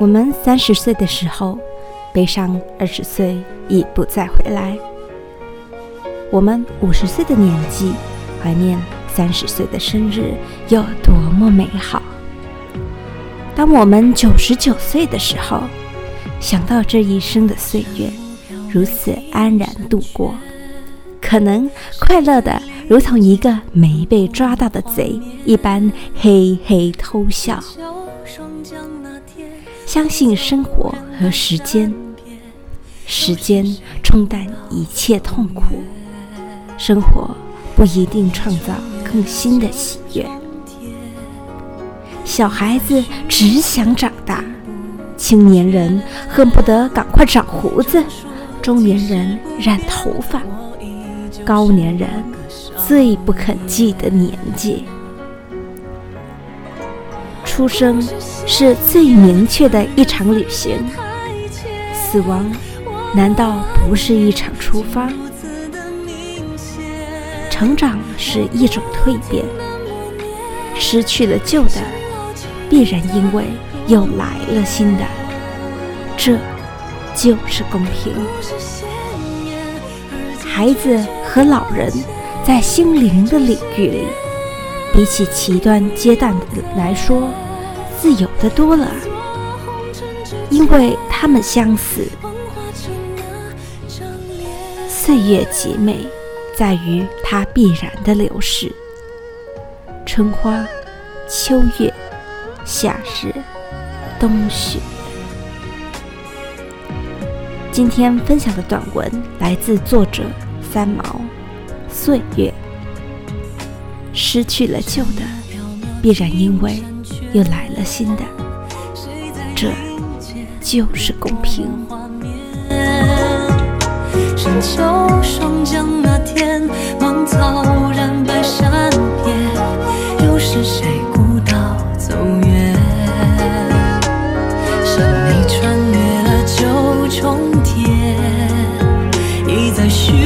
我們三十歲的時候，悲傷二十歲已不再回來。我們五十歲的年紀，懷念三十歲的生日有多麼美好。當我們九十九歲的時候，想到這一生的歲月如此安然度過，可能快樂得如同一個沒被抓到的賊一般，嘿嘿偷笑。相信生活和時間，時間沖淡一切痛苦，生活不一定創造更新的喜悅。小孩子只想長大，青年人恨不得趕快長鬍子，中年人染頭髮，高年人最不肯記得年紀。出生是最明確的一場旅行，死亡難道不是一場出發？成長是一種蛻變，失去了舊的，必然因為又來了新的，這，就是公平。孩子和老人在心靈的領域裡，比起極端階段的來說。自由的多了，因為他們相似。歲月極美，在於它必然的流逝。春花，秋月，夏日，冬雪。今天分享的短文來自作者三毛，歲月失去了舊的，必然因為。又來了新的，這就是公平。誰